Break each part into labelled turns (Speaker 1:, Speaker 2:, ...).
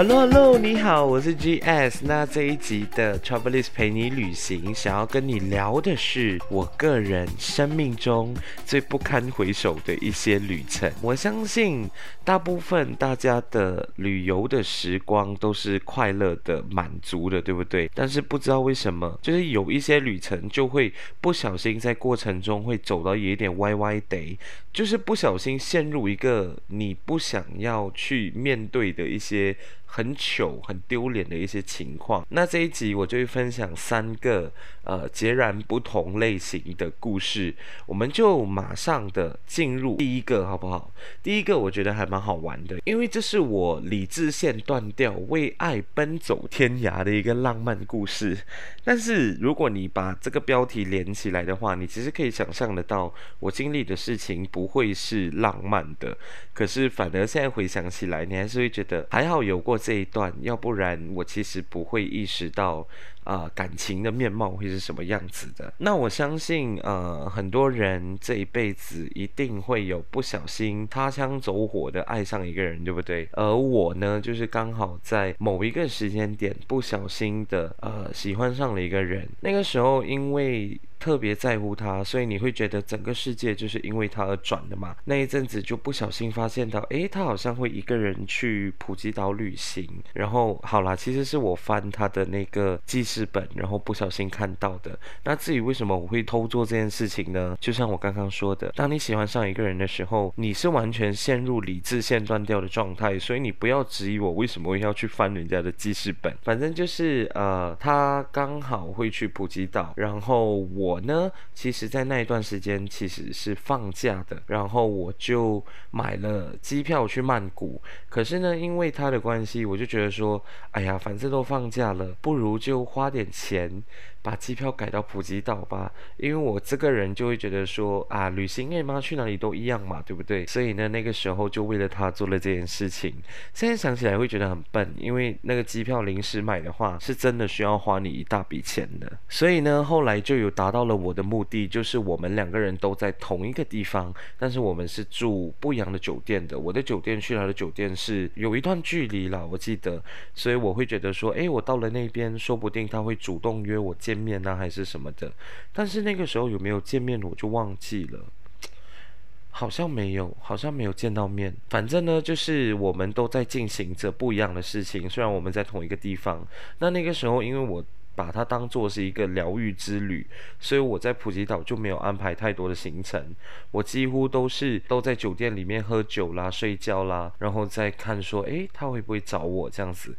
Speaker 1: Hello Hello，你好，我是 GS。那這一集的 Travelist 陪你旅行，想要跟你聊的是我個人生命中最不堪回首的一些旅程。我相信大部分大家的旅遊的時光都是快樂的、滿足的，對不對？但是不知道為什麼，就是有一些旅程就會不小心在過程中會走到有一點歪歪的，就是不小心陷入一個你不想要去面對的一些。很糗、很丟臉的一些情況。那這一集我就會分享三個呃截然不同類型的故事，我們就馬上的進入第一個，好不好？第一個我覺得還蠻好玩的，因為這是我理智線斷掉、為愛奔走天涯的一個浪漫故事。但是如果你把這個標題連起來的話，你其實可以想象得到我經歷的事情不會是浪漫的。可是反而現在回想起來，你還是會覺得還好有過。這一段，要不然我其實不會意識到啊、呃、感情的面貌會是什麼樣子的。那我相信呃很多人這一輩子一定會有不小心擦槍走火的愛上一個人，對不對？而我呢，就是剛好在某一個時間點不小心的呃喜歡上了一個人。那個時候因為。特別在乎他，所以你會覺得整個世界就是因為他而轉的嘛？那一陣子就不小心發現到，誒，他好像會一個人去普吉島旅行。然後，好啦，其實是我翻他的那個記事本，然後不小心看到的。那至於為什麼我會偷做這件事情呢？就像我剛剛說的，當你喜歡上一個人的時候，你是完全陷入理智線斷掉的狀態，所以你不要質疑我為什麼要去翻人家的記事本。反正就是，呃，他剛好會去普吉島，然後我。我呢，其實，在那一段時間其實是放假的，然後我就買了機票去曼谷。可是呢，因為他的關係，我就覺得說，哎呀，反正都放假了，不如就花點錢。把機票改到普吉島吧，因為我這個人就會覺得說啊，旅行、欸、嘛去哪裡都一樣嘛，對不對？所以呢，那個時候就為了他做了這件事情。現在想起來會覺得很笨，因為那個機票臨時買的話，是真的需要花你一大筆錢的。所以呢，後來就有達到了我的目的，就是我們兩個人都在同一個地方，但是我們是住不一樣的酒店的。我的酒店去他的酒店是有一段距離了，我記得，所以我會覺得說，誒，我到了那邊，說不定他會主動約我見。見面呢、啊，還是什麼的？但是那個時候有沒有見面，我就忘記了，好像沒有，好像沒有見到面。反正呢，就是我們都在進行着不一樣的事情，雖然我們在同一個地方。那那個時候，因為我。把它當做是一個療癒之旅，所以我在普吉島就沒有安排太多的行程，我幾乎都是都在酒店裡面喝酒啦、睡覺啦，然後再看說，誒，他會不會找我這樣子？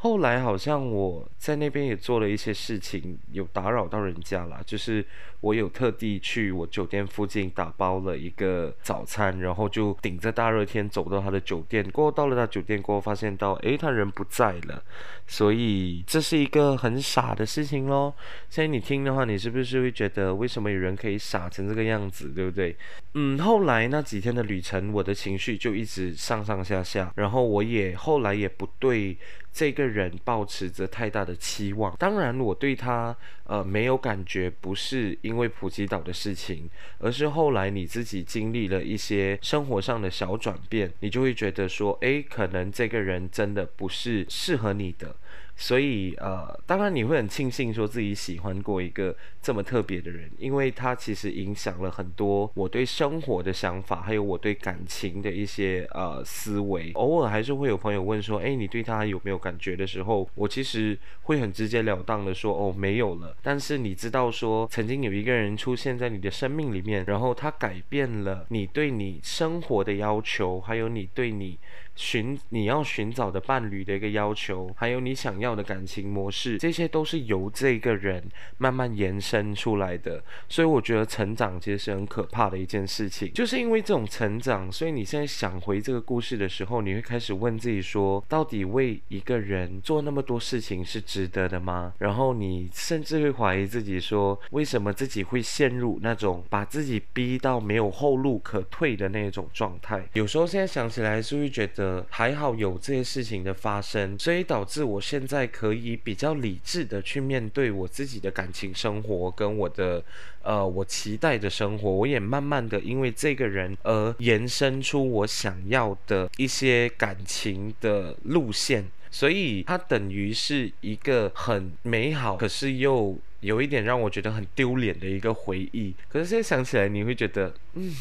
Speaker 1: 後來好像我在那邊也做了一些事情，有打擾到人家啦。就是我有特地去我酒店附近打包了一個早餐，然後就頂着大熱天走到他的酒店，過後到了他酒店過後發現到，誒，他人不在了，所以這是一個很傻的。事情咯，所以你聽的話，你是不是會覺得為什麼有人可以傻成這個樣子，對不對？嗯，後來那幾天的旅程，我的情緒就一直上上下下，然後我也後來也不對。這個人抱持着太大的期望，當然我對他呃，沒有感覺，不是因為普吉島的事情，而是後來你自己經歷了一些生活上的小轉變，你就會覺得說，哎，可能這個人真的不是適合你的，所以呃，當然你會很慶幸說自己喜歡過一個這麼特別的人，因為他其實影響了很多我對生活的想法，還有我對感情的一些呃思維。偶爾還是會有朋友問說，哎，你對他有沒有？感覺的時候，我其實會很直截了當的說，哦，沒有了。但是你知道說，說曾經有一個人出現在你的生命裡面，然後他改變了你對你生活的要求，還有你對你，尋你要尋找的伴侶的一個要求，還有你想要的感情模式，這些都是由這個人慢慢延伸出來的。所以我覺得成長其實是很可怕的一件事情，就是因為這種成長，所以你現在想回這個故事的時候，你會開始問自己說，到底為一個人做那麼多事情是值得的嗎？然後你甚至會懷疑自己說，為什麼自己會陷入那種把自己逼到沒有後路可退的那種狀態。有時候現在想起來，是會覺得。呃，還好有這些事情的發生，所以導致我現在可以比較理智的去面對我自己的感情生活跟我的，呃，我期待的生活。我也慢慢的因為這個人而延伸出我想要的一些感情的路線，所以它等於是一個很美好，可是又有一點讓我覺得很丟臉的一個回憶。可是現在想起來，你會覺得，嗯。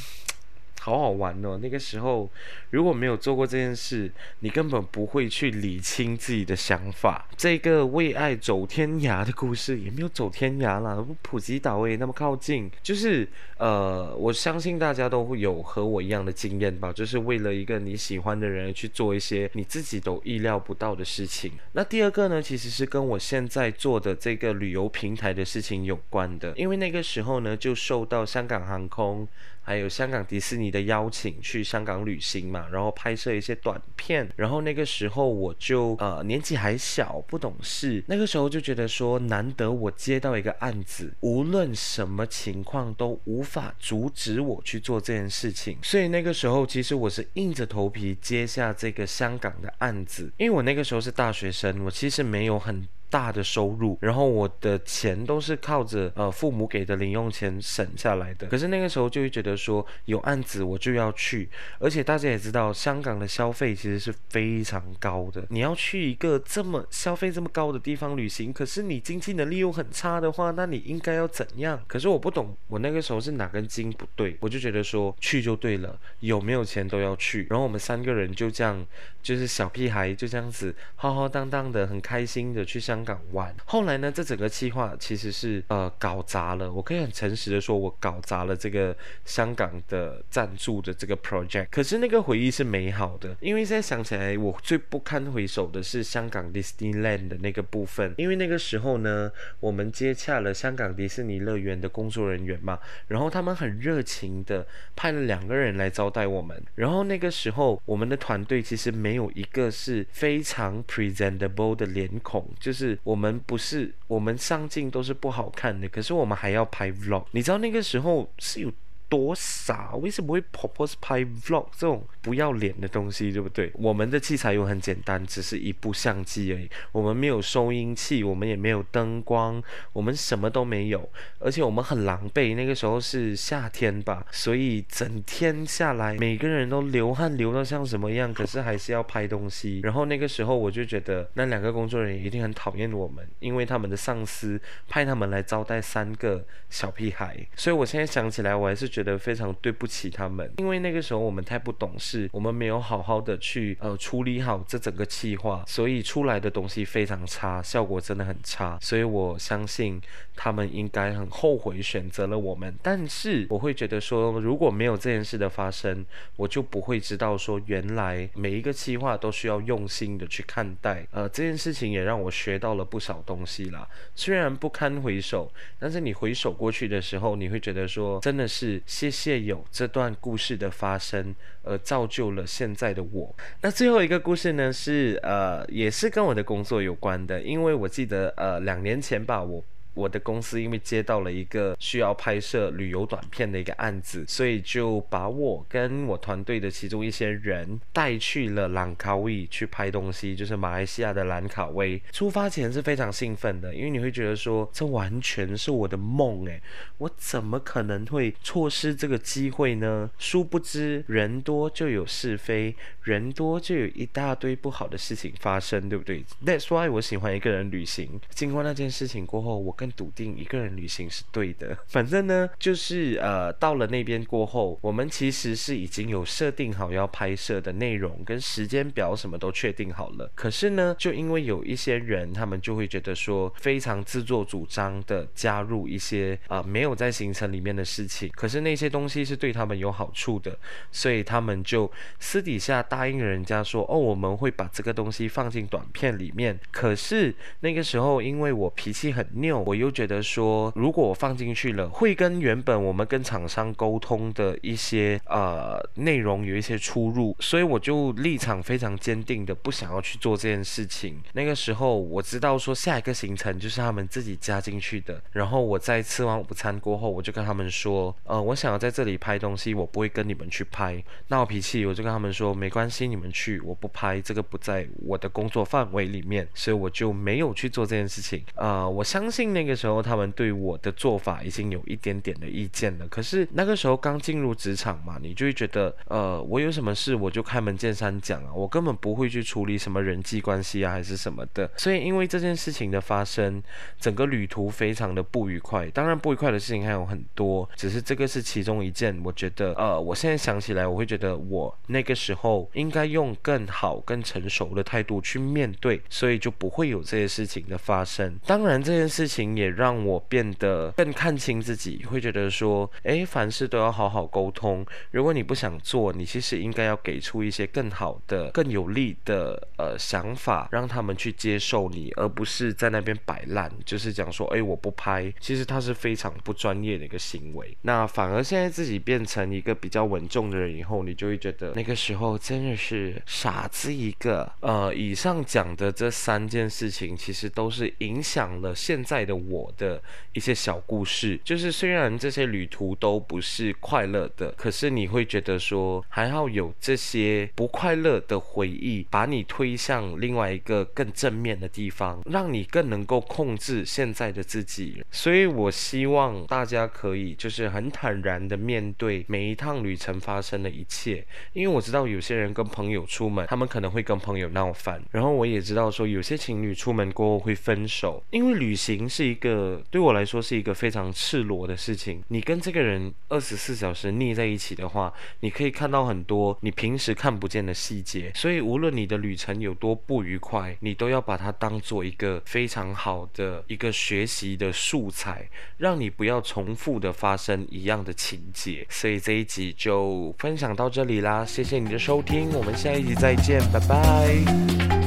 Speaker 1: 好好玩哦！那個時候，如果沒有做過這件事，你根本不會去理清自己的想法。這個為愛走天涯的故事也沒有走天涯啦，普吉島也那麼靠近。就是呃，我相信大家都會有和我一樣的經驗吧，就是為了一個你喜歡的人去做一些你自己都意料不到的事情。那第二個呢，其實是跟我現在做的這個旅遊平台的事情有關的，因為那個時候呢，就受到香港航空。還有香港迪士尼的邀請去香港旅行嘛，然後拍攝一些短片，然後那個時候我就呃，年紀還小不懂事，那個時候就覺得說，難得我接到一個案子，無論什麼情況都無法阻止我去做這件事情，所以那個時候其實我是硬着頭皮接下這個香港的案子，因為我那個時候是大學生，我其實沒有很。大的收入，然後我的錢都是靠着呃父母給的零用錢省下來的。可是那個時候就會覺得說有案子我就要去，而且大家也知道香港的消費其實是非常高的。你要去一個這麼消費這麼高的地方旅行，可是你經濟能力又很差的話，那你應該要怎樣？可是我不懂，我那個時候是哪根筋不對，我就覺得說去就對了，有沒有錢都要去。然後我們三個人就這樣，就是小屁孩就這樣子浩浩蕩蕩的很開心的去香港港灣，後來呢？這整個計劃其實是呃搞砸了。我可以很誠實的說，我搞砸了這個香港的贊助的這個 project。可是那個回憶是美好的，因為現在想起來，我最不堪回首的是香港 Disneyland 的那個部分。因為那個時候呢，我們接洽了香港迪士尼樂園的工作人員嘛，然後他們很熱情的派了兩個人來招待我們。然後那個時候，我們的團隊其實沒有一個是非常 presentable 的臉孔，就是。我們不是，我們上鏡都是不好看的，可是我們還要拍 vlog。你知道那個時候是有。多傻！為什麼會婆婆是拍 vlog 這種不要臉的東西，對不對？我們的器材又很簡單，只是一部相機而已。我們沒有收音器，我們也沒有燈光，我們什麼都沒有，而且我們很狼狽。那個時候是夏天吧，所以整天下來，每個人都流汗流到像什麼樣，可是還是要拍東西。然後那個時候我就覺得，那兩個工作人員一定很討厭我們，因為他們的上司派他們來招待三個小屁孩。所以我現在想起來，我還是。覺得非常對不起他們，因為那個時候我們太不懂事，我們沒有好好的去呃處理好這整個企劃，所以出來的東西非常差，效果真的很差。所以我相信他們應該很後悔選擇了我們。但是我會覺得說，如果沒有這件事的發生，我就不會知道說原來每一個企劃都需要用心的去看待。呃，這件事情也讓我學到了不少東西啦。雖然不堪回首，但是你回首過去的時候，你會覺得說真的是。謝謝有這段故事的發生，而造就了現在的我。那最後一個故事呢？是呃，也是跟我的工作有關的，因為我記得呃，兩年前吧，我。我的公司因為接到了一個需要拍攝旅遊短片的一個案子，所以就把我跟我團隊的其中一些人帶去了蘭卡威去拍東西，就是馬來西亞的蘭卡威。出發前是非常興奮的，因為你會覺得說這完全是我的夢哎、欸，我怎麼可能會錯失這個機會呢？殊不知人多就有是非，人多就有一大堆不好的事情發生，對不對？That's why 我喜歡一個人旅行。經過那件事情過後，我跟篤定一個人旅行是對的。反正呢，就是呃，到了那邊過後，我們其實是已經有設定好要拍攝的內容跟時間表，什麼都確定好了。可是呢，就因為有一些人，他們就會覺得說非常自作主張的加入一些啊、呃、沒有在行程裡面的事情。可是那些東西是對他們有好處的，所以他們就私底下答應人家說，哦，我們會把這個東西放進短片裡面。可是那個時候，因為我脾氣很拗，我。我又覺得說，如果我放進去了，會跟原本我們跟廠商溝通的一些呃內容有一些出入，所以我就立場非常堅定的不想要去做這件事情。那個時候我知道說下一個行程就是他們自己加進去的，然後我在吃完午餐過後，我就跟他們說，呃，我想要在這裡拍東西，我不會跟你們去拍。鬧我脾氣，我就跟他們說，沒關係，你們去，我不拍，這個不在我的工作範圍裡面，所以我就沒有去做這件事情。啊、呃，我相信那個。那個時候，他們對我的做法已經有一點點的意見了。可是那個時候剛進入職場嘛，你就會覺得，呃，我有什麼事我就開門見山講啊，我根本不會去處理什麼人際關係啊，還是什麼的。所以因為這件事情的發生，整個旅途非常的不愉快。當然不愉快的事情還有很多，只是這個是其中一件。我覺得，呃，我現在想起來，我會覺得我那個時候應該用更好、更成熟的態度去面對，所以就不會有這些事情的發生。當然這件事情。也讓我變得更看清自己，會覺得說，哎，凡事都要好好溝通。如果你不想做，你其實應該要給出一些更好的、更有利的呃想法，讓他們去接受你，而不是在那邊擺爛，就是講說，哎，我不拍，其實他是非常不專業的一個行為。那反而現在自己變成一個比較穩重的人以後，你就會覺得那個時候真的是傻子一個。呃，以上講的這三件事情，其實都是影響了現在的。我的一些小故事，就是雖然這些旅途都不是快樂的，可是你會覺得說，還好有這些不快樂的回憶，把你推向另外一個更正面的地方，讓你更能夠控制現在的自己。所以我希望大家可以就是很坦然的面對每一趟旅程發生的一切，因為我知道有些人跟朋友出門，他們可能會跟朋友鬧翻，然後我也知道說有些情侶出門過後會分手，因為旅行是。一個對我來說是一個非常赤裸的事情。你跟這個人二十四小時膩在一起的話，你可以看到很多你平時看不見的細節。所以無論你的旅程有多不愉快，你都要把它當做一個非常好的一個學習的素材，讓你不要重複的發生一樣的情節。所以這一集就分享到這裡啦，謝謝你的收聽，我們下一集再見，拜拜。